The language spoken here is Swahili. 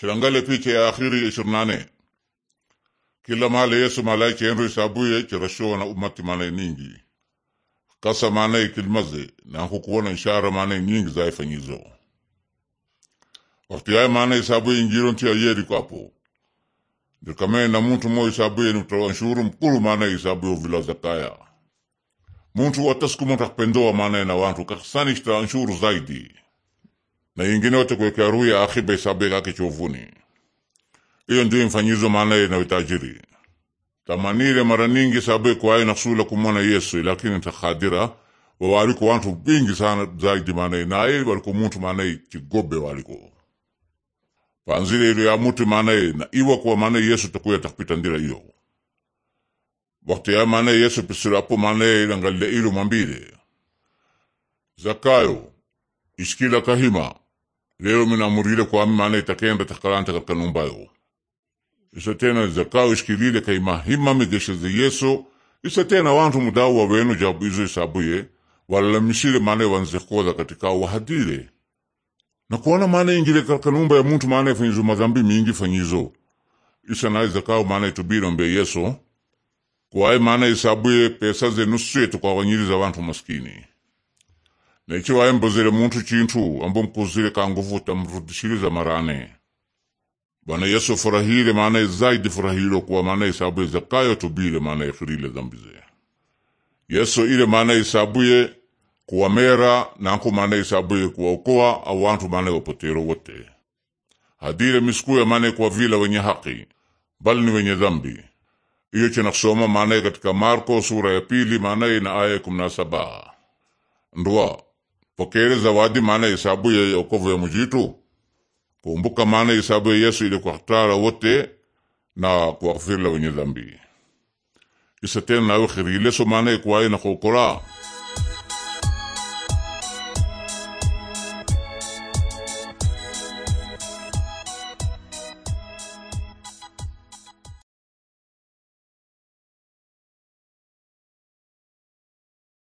Chilangale piche ya akhiri ishirini na nane kila mala Yesu malai chenru isabuye chirashuwa na umati mane ningi kasa mane ikilmaze na hukuona ishara mane nyingi zaifanyizo wakati yaye mane isabuye injiro ntia yeriko apo nikamee na muntu mo isabuye nitoa nshuru mkulu mane isabuye uvila zakaya muntu watasikumonta kupendoa mane na wantu kakasani shita nshuru zaidi na ingine yote kuwekea ruu ya akiba hesabu yake chovuni. Hiyo ndio mfanyizo maana na utajiri tamanile mara nyingi sababu kwayo nakusula kumwona Yesu, lakini takhadira wawaliko wantu bingi sana zaidi maana naye waliko muntu maana kigobe waliko panzile ile ya mutu maana na iwa kwa maana Yesu takuya takupita ndira hiyo wakati ya maana Yesu pisirapo maana ngalile ilo mambile Zakayo iskila kahima leo minamurile kwami maana itakenda takalanta katika nyumba yao isa tena zakao ishkilile kaimahima migesheze yeso isa tena wantu mudau wenu jabu izo isabuye walalamisile maana wanzekoza katika wahadile na kuona maana ingile katika nyumba ya muntu maana ifanyizo madhambi mingi fanyizo isa naye zakao maana itubile mbe kwa kwaye maana isabuye pesa zenusu yetu kwawanyiriza wantu maskini Nechiwaye mbuzire muntu chintu ambo mkuzire kanguvu tamrudishiriza marane Bwana Yesu furahire maana zaidi furahilo kuwa maana isabuye zakayo tubile maana yafirile zambize Yesu ile maana isabuye kuwa mera nanku maana isabuye au awantu maana wapotero wote hadire misukuya maana kuwa vila wenye haki bali ni wenye dhambi iyo kusoma maana katika Marko sura ya pili maana na aya kumi na saba ndwa pokere zawadi maana isabu ya yokovu ya mujitu kumbuka maana isabu ya Yesu ili kuwakatala wote na kuwakafirila wenye dhambi isatena nawe khirileso maana ikuwaye na kuokola